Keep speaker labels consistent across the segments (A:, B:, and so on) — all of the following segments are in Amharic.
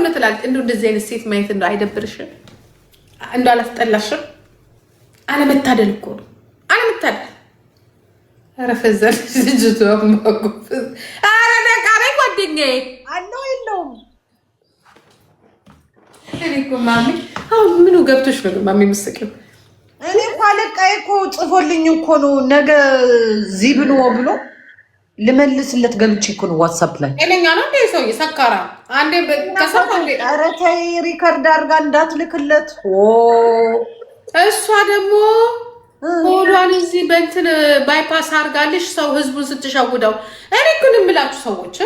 A: እውነት እላለሁ። እንደው እንደዚህ አይነት ሴት ማየት እንደው አይደብርሽም? እንደው አላስጠላሽም? አለመታደል እኮ ነው አለመታደል። ኧረ ፈዛለች ልጅቷ ማጎፈዝ። ኧረ ነቃ ጓደኛዬ። አለው የለውም እኮ ማሚ አሁን ምኑ ገብቶች ነው ማሚ የምትስቂው? እኔ እኮ አለቃዬ እኮ ጽፎልኝ እኮ ነው ነገ ዚህ ብሎ ብሎ ልመልስለት ገብቼ እኮ ነው ዋትሳፕ ላይ እኔኛ ነው እንደ ሰውዬ ሰካራ አንዴ ከሰማ ኧረ ተይ ሪከርድ አድርጋ እንዳትልክለት እሷ ደግሞ ሆዷን እዚህ በእንትን ባይፓስ አድርጋልሽ ሰው ህዝቡን ስትሸውደው እኔ ግን የምላችሁ ሰዎች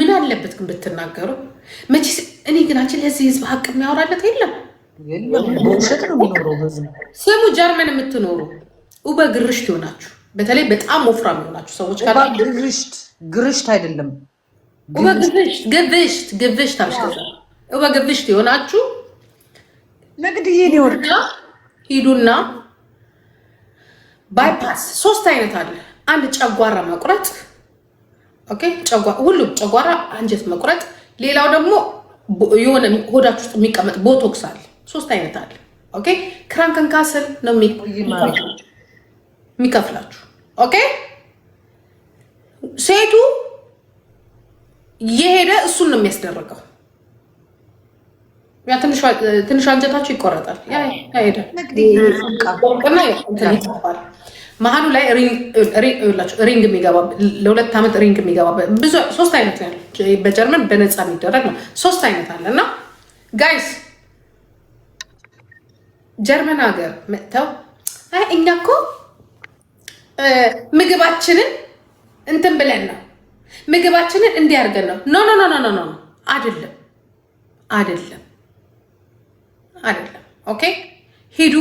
A: ምን አለበት ግን ብትናገሩ መቼ እኔ ግን ግናችን ለዚህ ህዝብ ሀቅ የሚያወራለት የለም ስሙ ጀርመን የምትኖሩ ኡበግርሽ ትሆናችሁ በተለይ በጣም ወፍራም የሆናችሁ ሰዎች ግርሽት ግርሽት አይደለም ግብሽት ግብሽት ግብሽት እበ ግብሽት የሆናችሁ ንግድ ሊወርዳ ሂዱና ባይፓስ ሶስት አይነት አለ። አንድ ጨጓራ መቁረጥ፣ ሁሉም ጨጓራ አንጀት መቁረጥ። ሌላው ደግሞ የሆነ ሆዳችሁ ውስጥ የሚቀመጥ ቦቶክስ አለ። ሶስት አይነት አለ። ክራንከን ካስል ነው የሚከፍላችሁ ኦኬ ሴቱ የሄደ እሱን ነው የሚያስደርገው። ትንሽ አንጀታቸው ይቆረጣል፣ መሀሉ ላይ ሪንግ የሚገባ ለሁለት ዓመት ሪንግ የሚገባ ብዙ ሶስት አይነት ያለ በጀርመን በነፃ የሚደረግ ነው። ሶስት አይነት አለ እና ጋይስ ጀርመን ሀገር መጥተው እኛ እኮ ምግባችንን እንትን ብለን ነው ምግባችንን እንዲያርገን ነው። ኖ ኖ ኖ ኖ ኖ አይደለም፣ አይደለም፣ አይደለም። ኦኬ ሂዱ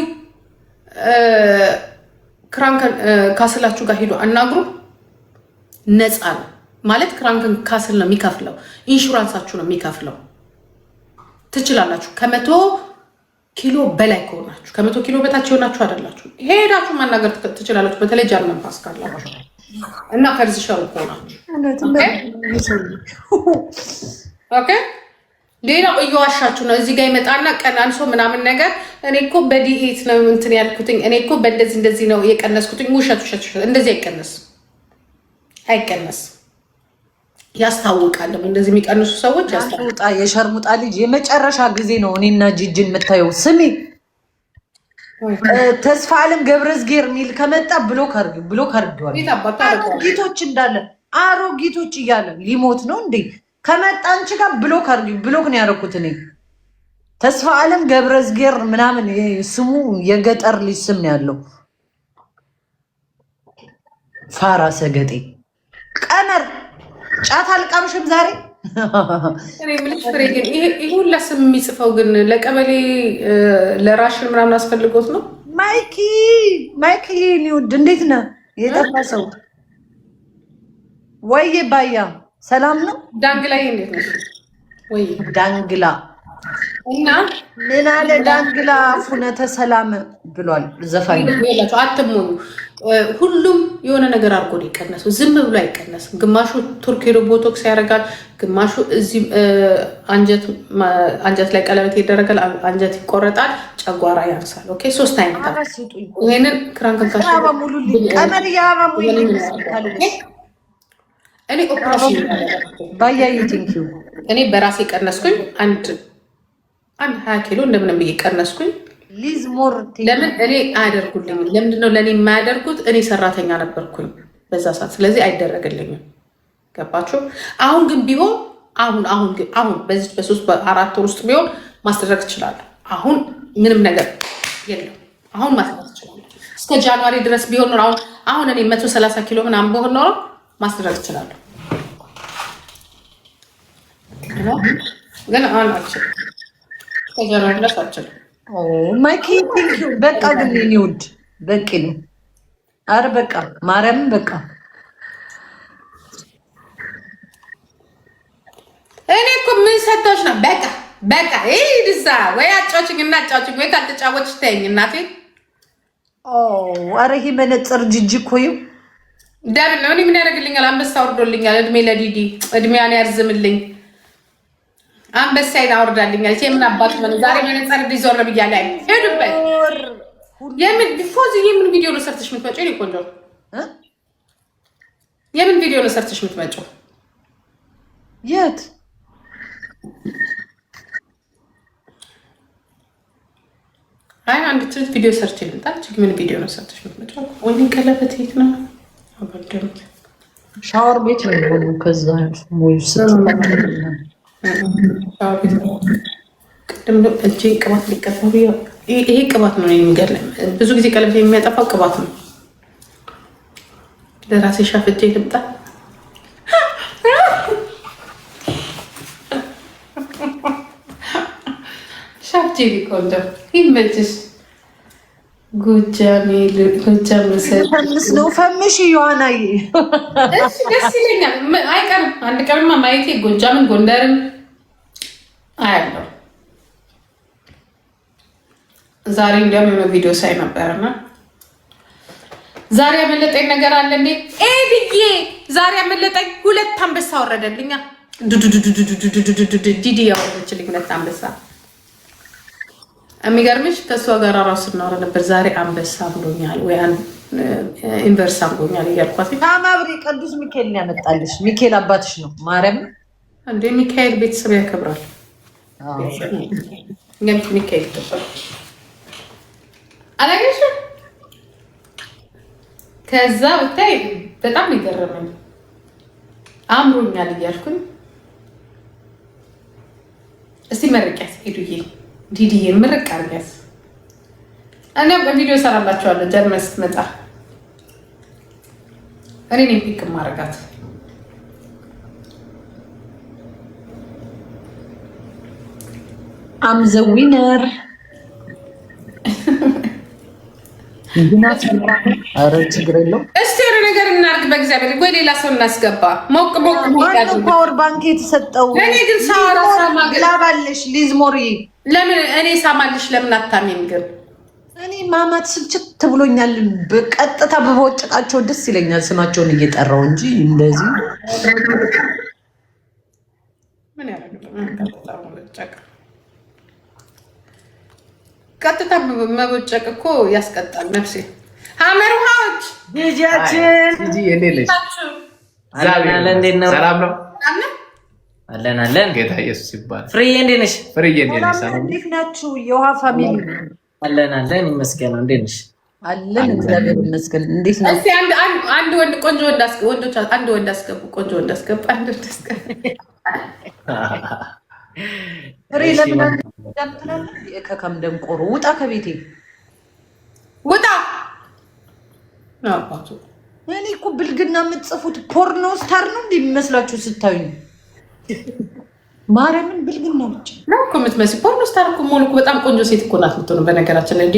A: ክራንከን ካስላችሁ ጋር ሂዱ አናግሩ። ነፃ ነው ማለት ክራንከን ካስል ነው የሚከፍለው፣ ኢንሹራንሳችሁ ነው የሚከፍለው። ትችላላችሁ ከመቶ ኪሎ በላይ ከሆናችሁ ከመቶ ኪሎ በታች የሆናችሁ አይደላችሁ ሄዳችሁ ማናገር ትችላላችሁ። በተለይ ጀርመን ፓስ ካላችሁ እና ፈርዝሻው ከሆናችሁ ሌላው እየዋሻችሁ ነው። እዚህ ጋር ይመጣና ቀናንሶ ምናምን ነገር እኔ እኮ በዲኤት ነው እንትን ያልኩትኝ እኔ እኮ በእንደዚህ እንደዚህ ነው የቀነስኩትኝ። ውሸት ውሸት ውሸት። እንደዚህ አይቀነስ አይቀነስ። ያስታውቃልም እንደዚህ የሚቀንሱ ሰዎች ያስታውቃ። የሸርሙጣ ልጅ የመጨረሻ ጊዜ ነው እኔና ጅጅን የምታየው። ስሜ ተስፋ አለም ገብረዝጌር ሚል ከመጣ ብሎክ አርግ፣ ብሎክ አድርጊዋል። አሮጊቶች እንዳለ አሮጊቶች እያለ ሊሞት ነው እንዴ? ከመጣ አንቺ ጋር ብሎክ አርግ፣ ብሎክ ነው ያደረኩት እኔ። ተስፋ አለም ገብረዝጌር ምናምን ስሙ የገጠር ልጅ ስም ነው ያለው። ፋራ ሰገጤ ቀመር ጫት አልቃምሽም ዛሬ ይሄ ሁላ ስም የሚጽፈው ግን ለቀበሌ ለራሽን ምናምን አስፈልጎት ነው። ማይኪ ማይኪ ኒውድ እንዴት ነህ? የጠፋ ሰው ወይ ባያ ሰላም ነው። ዳንግላ እንዴት ነው? ዳንግላ እና ምን አለ ዳንግላ ፉነተ ሰላም ብሏል ዘፋኝ አትሞኙ። ሁሉም የሆነ ነገር አድርጎ ነው የቀነሰው። ዝም ብሎ አይቀነስም። ግማሹ ቱርክ ሄዶ ቦቶክስ ያደርጋል፣ ግማሹ እዚህ አንጀት ላይ ቀለበት ይደረጋል፣ አንጀት ይቆረጣል፣ ጨጓራ ያንሳል። ኦኬ ሶስት አይነት ይህንን ክራንክንካሽ እኔ ኦፕሬሽን እኔ በራሴ ቀነስኩኝ አንድ አንድ ሀያ ኪሎ እንደምንም ብዬ ቀነስኩኝ። ለምን እኔ አያደርጉልኝም? ለምንድን ለእኔ የማያደርጉት? እኔ ሰራተኛ ነበርኩኝ በዛ ሰዓት። ስለዚህ አይደረግልኝም። ገባችሁ? አሁን ግን ቢሆን አሁን አሁን ግን አሁን በዚህ በሶስት በአራት ወር ውስጥ ቢሆን ማስደረግ ትችላለህ። አሁን ምንም ነገር የለም። አሁን ማስደረግ ትችላለህ። እስከ ጃንዋሪ ድረስ ቢሆን ኖሮ አሁን አሁን እኔ መቶ ሰላሳ ኪሎ ምናምን ቢሆን ኖሮ ማስደረግ ትችላለሁ ግን አሁን አልችልም። ከጀመለስ አልችልም። ማይክ በቃ ግን የኔ ውድ በቂ ነው። አረ በቃ ማርያምን በቃ እኔ እኮ ምን ሰጥቶሽ ነው? በቃ በቃ ይህ ድዛ ወይ አጫውችኝ እና አጫውችኝ ወይ ካልተጫወች ተይኝ እናቴ። አረ ይሄ መነጽር ጅጅ ኮዩ ደብል ነው። እኔ ምን ያደርግልኛል? አንበሳ ወርዶልኛል። እድሜ ለዲዲ እድሜያን ያርዝምልኝ። አንበሳይን አወርዳልኛል። የምን አባት ምን ዛሬ መነጸር ዞር ብያለሁ። ሄዱበት የምን ፎዚ የምን ቪዲዮ ነው ሰርተሽ የምትመጪው? እኔ ቆንጆ የምን ቪዲዮ ነው ሰርተሽ የምትመጪው? የት አይ አንድ ትርት ቪዲዮ ሰርች ልምጣ። እጅግ ምን ቪዲዮ ነው ሰርተሽ የምትመጪው? ወይም ቀለበት የት ነው አባደምት ሻወር ቤት ነው ከዛ ሞይ ቅድም እጅ ቅባት ሊቀባ ይሄ ቅባት ነው የሚገርም። ብዙ ጊዜ ቀለበት የሚያጠፋው ቅባት ነው። ለራሴ ሻፍቼ ልምጣ። ሻፍቼ ሊቆንጆ ይመችሽ። ጎጃሜ ፈምስ ፈምሽ ይሆናል። ደስ ይለኛል። አይቀርም አንድ ቀርማ ማየቴ ጎጃምን ጎንደርን ዛሬ እንዲያውም የሆነ ቪዲዮ ሳይ ነበርና ዛሬ ያመለጠኝ ነገር አለ እንዴ ኤ ብዬ ዛሬ ያመለጠኝ ሁለት አንበሳ ወረደልኛ። ዲዲ ያወረደችልኝ ሁለት አንበሳ። የሚገርምሽ ከእሷ ጋር ራሱ ስናወራ ነበር። ዛሬ አንበሳ ብሎኛል ወይ እያልኳት ቅዱስ ሚካኤል ያመጣልሽ። ሚካኤል አባትሽ ነው። ማርያም ሚካኤል ቤተሰብ ያከብራል። አላገሽም። ከዛ ብታይ በጣም የገረመኝ አምሮኛል እያልኩኝ እስቲ መርቂያት ሄዱዬ ዲዲዬ ምርቅ አርጊያት። እኔ ቪዲዮ እሰራላችኋለሁ ጀርመን ስትመጣ እኔ ፒክ ማረጋት አምዘ ዊነር ኧረ ችግር የለውም። እስኪ የሆነ ነገር እናድርግ። በእግዚአብሔር ወይ ሌላ ሰው እናስገባ። ሞቅ ሞቅ ፓወር ባንክ የተሰጠው እኔ ግን ላባለሽ ሊዝሞሪ ለምን እኔ ሳማለሽ ለምን አታሚም ግን እኔ ማማት ስልችት ብሎኛል። በቀጥታ በመወጨቃቸው ደስ ይለኛል ስማቸውን እየጠራው እንጂ እንደዚህ ቀጥታ መቦጨቅ እኮ ያስቀጣል። ነፍሴ ሀመርሃዎች ልጃችን ሰላም ነው አለን አለን። ጌታ ኢየሱስ ይባላል። ፍሬዬ እንዴት ነሽ? ፍሬዬ እንዴት ነሽ? እንዴት ናችሁ? የውሃ ፋሚሊ አለን አለን። እንዴት ነሽ? አለን እግዚአብሔር ይመስገን። እንዴት ነው? እስኪ አንድ አንድ ወንድ ቆንጆ ወንድ አስገቡ። አንድ ወንድ አስገቡ። ቆንጆ ወንድ አስገቡ። አንድ ወንድ አስገቡ። ከከም ደንቆሮ ውጣ፣ ከቤቴ ውጣ። እኔ እኮ ብልግና የምትጽፉት ፖርኖ ስታር ነው እንደሚመስላችሁ ስታዩ ማርያምን ብልግና ነው እኮ የምትመስል ፖርኖ ስታር እኮ በጣም ቆንጆ ሴት እኮ ናት የምትሆነው። በነገራችን ላይ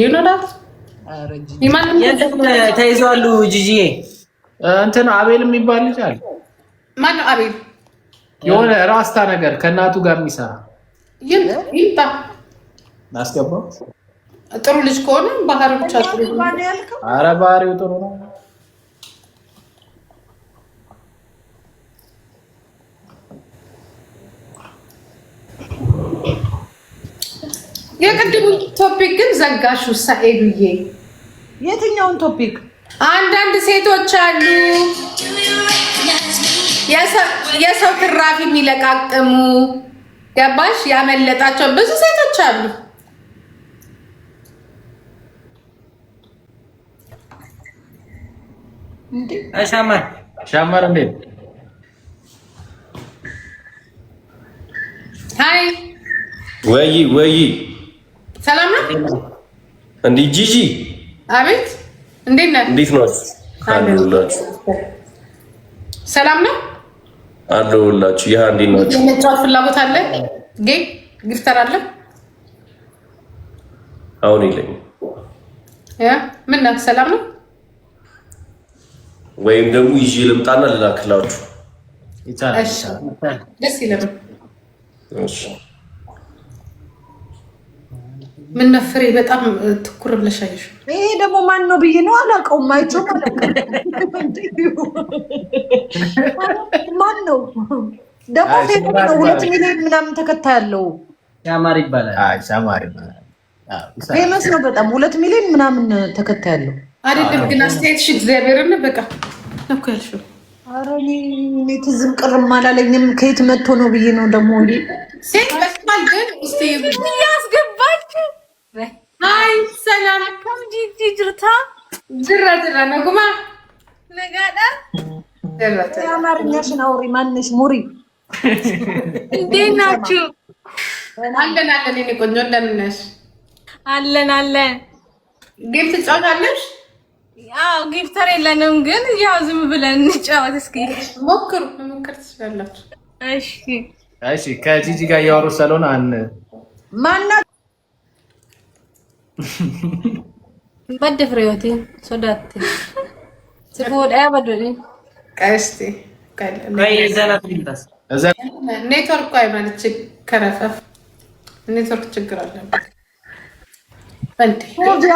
A: ተይዘዋሉ ጂጂዬ እንትን አቤል የሚባል ልጅ አለ። ማነው አቤል? የሆነ ራስታ ነገር ከእናቱ ጋር የሚሰራ ይምጣ፣ እናስገባው። ጥሩ ልጅ ከሆነ ባህሪ ብቻ ጥሩ። ባህሪው ጥሩ ነው። የቅድሙ ቶፒክ ግን ዘጋሹ ብዬ የትኛውን ቶፒክ? አንዳንድ ሴቶች አሉ የሰው ትራፊ የሚለቃቅሙ ገባሽ? ያመለጣቸው ብዙ ሴቶች አሉ። ሻማር እንዴት? ሀይ ወይ ወይ፣ ሰላም ነው እንዴ? ጂጂ አቤት፣ እንዴት ነህ? እንዴት ነው? ሰላም ነው አለሁላችሁ። ይህ እንዴት ናችሁ? የመጫወት ፍላጎት አለ? ጌም ግፍተር አለ? አሁን የለኝም። ምን ናት? ሰላም ነው ወይም ደግሞ ይዤ ልምጣና ልላክላችሁ። ደስ ይለም። ምን ነፍሬ በጣም ትኩር ብለሻየሽ ይሄ ደግሞ ማን ነው ብዬ ነው አላውቀውም። ማይቸው ማን ነው ደግሞ ነው ሁለት ሚሊዮን ምናምን ተከታይ ያለው ሻማር ይባላል። ሻማር ይባላል። ፌመስ ነው በጣም ሁለት ሚሊዮን ምናምን ተከታይ ያለው አይደለም። ግን አስተያየት ሽ እግዚአብሔርን በቃ እኮ ያልሽው ኧረ ትዝም ቅርም አላለኝም። ከየት መጥቶ ነው ብዬ ነው ደግሞ ሴት በስማል ግን ስ ያስገባች አይ salam. Kam jiddi jirta? Jirra jirra naguma. Nagaadha? Jirra jirra. አውሪ ማንሽ ሙሪ። እንዴት ናችሁ? አለን አለን። የእኔ ቆንጆ እንደምን ነሽ? አለን አለን። ጌም ትጫወታለሽ? አዎ ጊፍተር የለንም፣ ግን ያው ዝም ብለን እንጫወት። እስኪ ሞክሩ፣ መሞከር ትችላላችሁ። እሺ እሺ። ከጂጂ ጋር እያወሩ ስለሆነ አን ማናት badde fireyooti sodaatte si fuudhee badduudhi ቀስቲ ኔትወርክ ሃይማኖት ከረፈፍ ኔትወርክ ችግር አለበት።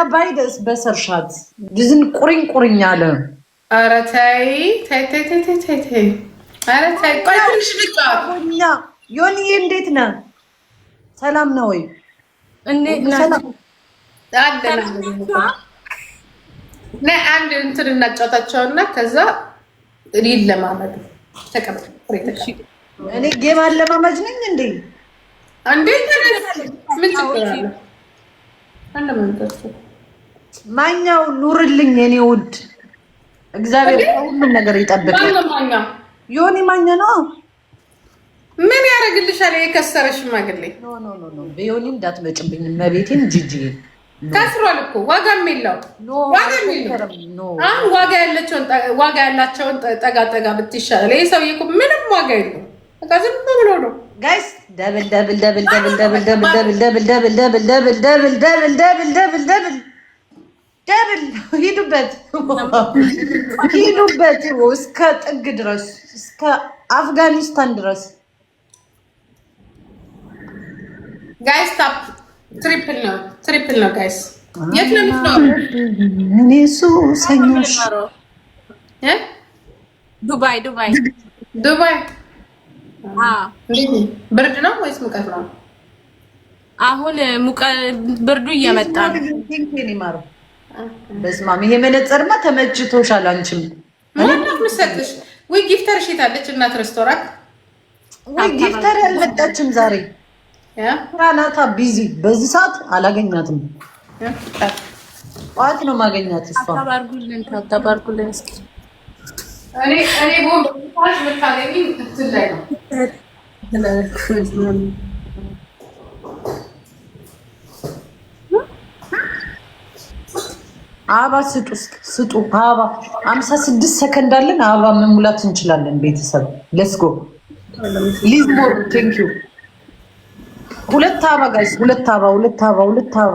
A: አባይ በሰርሻት ድዝን ቁሪኝ ቁሪኝ አለ። ኧረ ተይ ተይ ተይ ተይ ተይ ተይ ኧረ ተይ ቆይ ትንሽ ልጫወት። ዮኒ እንዴት ነህ? ሰላም ነው ወይ? አንድ እንትን እናጫወታቸውና ከዛ እኔ ጌም አለማመድ ነኝ እንዴ? ምን ማኛው ኑርልኝ የኔ ውድ እግዚአብሔር ሁሉም ነገር ዮኒ ማኛ ነው። ምን ያደርግልሻል? የከሰረ ሽማግሌ ዮኒ እንዳትመጭብኝ መቤቴን ጅጅዬ ከስሯል እኮ ዋጋም የለው ዋጋም የለው። አሁን ዋጋ ያላቸውን ዋጋ ያላቸውን ጠጋ ጠጋ ብትሻላል። ይሄ ሰውዬ እኮ ምንም ዋጋ የለው፣ በቃ ዝም ብሎ ነው ጋይስ። ደብል ደብል ደብል ደብል ደብል ደብል ደብል ደብል ደብል ደብል ደብል ደብል ደብል ደብል ደብል ደብል ሂዱበት፣ ሂዱበት እስከ ጥግ ድረስ እስከ አፍጋኒስታን ድረስ ጋይስ ታፕ ትሪፕል ነው፣ ትሪፕል ነው ጋይስ። የት ነው የምትኖረው? እኔ እሱ ሰኞ ዱባይ ዱባይ ዱባይ። ብርድ ነው ወይስ ሙቀት ነው? አሁን ብርዱ እየመጣ ነው። በስመ ይሄ መነጽርማ ተመችቶሻል። አንቺም ዋናት ምሰጥሽ ወይ ጊፍተር ሽታለች እናት ሬስቶራንት ወይ ጊፍተር አልመጣችም ዛሬ ናታ ቢዚ በዚህ ሰዓት አላገኛትም። ጠዋት ነው ማገኛት። እሷ አታባርጉልን እስኪ እኔ አበባ ስጡ ስጡ። አበባ አምሳ ስድስት ሰከንድ አለን። አበባ መሙላት እንችላለን። ቤተሰብ ሌትስ ጎ ሊዝ ሞር ቴንክ ዩ ሁለት አበ ጋይስ፣ ሁለት አበ፣ ሁለት አበ፣ ሁለት አበ